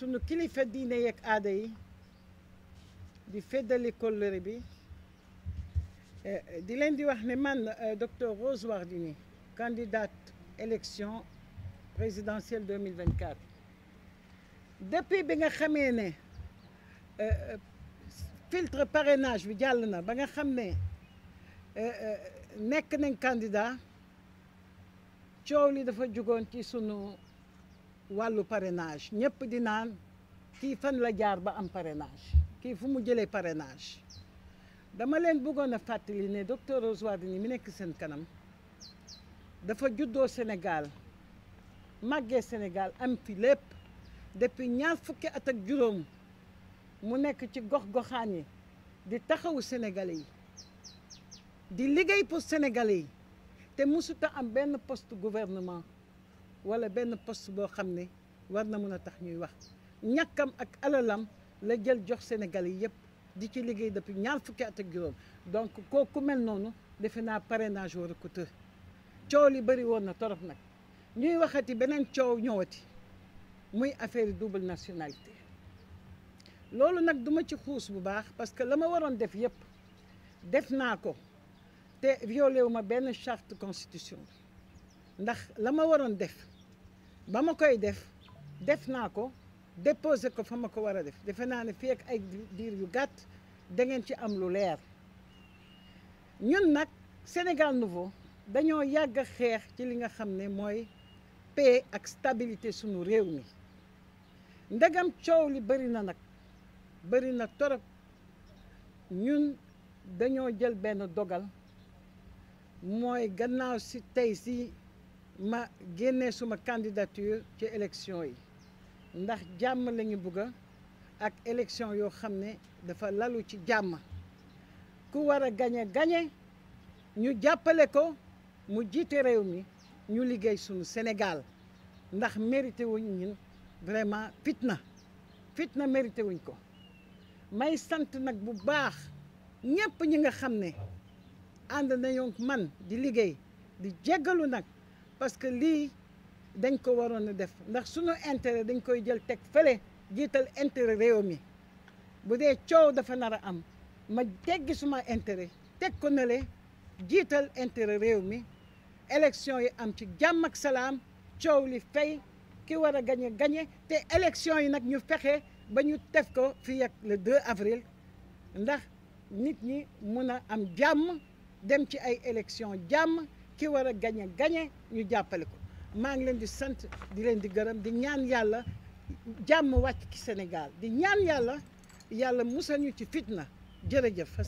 sunu kilifa diine yeeg aada yi di feddali kóllëre bi eh, di leen di wax ne man eh, docteur Rose Wardini candidate élection présidentielle 2024 depuis bi nga xamee ne eh, filtre parrainage bi jàll na ba nga xam ne nekk nañ candidat coow li dafa jugoon ci sunu wàllu parrainage ñëpp di naan fii fan la jaar ba am parrainage kii fu mu jëlee parrainage dama leen bëggoon a fàttali ne docteur Rose Wardini mu nekk seen kanam dafa juddoo Sénégal màggee Sénégal am fi lépp depuis ñaar fukki at ak juróom mu nekk ci gox-goxaan yi di taxawu Sénégalais yi di liggéey pour Sénégalais yi te mësuta am benn poste gouvernement wala benn poste boo xam ne war na mën a tax ñuy wax ñàkkam ak alalam la jël jox Sénégal yi yëpp di ci liggéey depuis ñaar fukki at ak juróom donc kooku mel noonu defe naa parrainage war a ko tër coow li bëri woon na torop nag ñuy waxati beneen coow ñëwati muy affaire double nationalité loolu nag duma ci xuus bu baax parce que la ma waroon def yëpp def naa ko te violé wu ma benn charte constitution ndax la ma waroon def ba ma koy def def naa ko déposé ko fa ma ko war a def defe naa ne fii ak ay diir yu gàtt dangeen ci am lu leer ñun nag Sénégal nouveau dañoo yàgg xeex ci li nga xam ne mooy paix ak stabilité sunu réew mi ndegam coow li bëri na nag bëri na torop ñun dañoo jël benn dogal mooy gannaaw si tey si ma génnee suma candidature ci élection yi ndax jàmm la ñu bëgg ak élection yoo xam ne dafa lalu ci jàmm ku war a gañe gañe ñu jàppale ko mu jiite réew mi ñu liggéey suñu Sénégal ndax mérité wuñ ñun vraiment fitna fitna mérité wuñ ko may sant nag bu baax ñëpp ñi nga xam ne ànd nañoo man di liggéey di jéggalu nag parce que lii dañ ko waroon a def ndax suñu intérêt dañ koy jël teg fële jiital intérêt réew mi bu dee coow dafa nar a am ma teggi suma intéret teg ko nale jiital intérêt réew mi élection yi am ci jàmm ak salaam coow li fay ki war a gañe gañe te élection yi nag ñu fexe ba ñu def ko fii ak le 2 avril ndax nit ñi mun a am jàmm dem ci ay élection jàmm ki war a gañe gañe ñu jàppale ko maa ngi leen di sant di leen di gërëm di ñaan yàlla jàmm wàcc ci Sénégal di ñaan yàlla yàlla musal ñu ci fitna jërëjëf